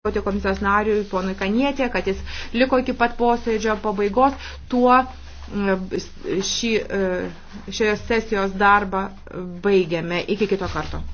dėkoti komisijos nariui ponui Kanietė, kad jis liko iki pat posėdžio pabaigos, tuo e, šį, e, šios sesijos darbą baigiame. Iki kito karto.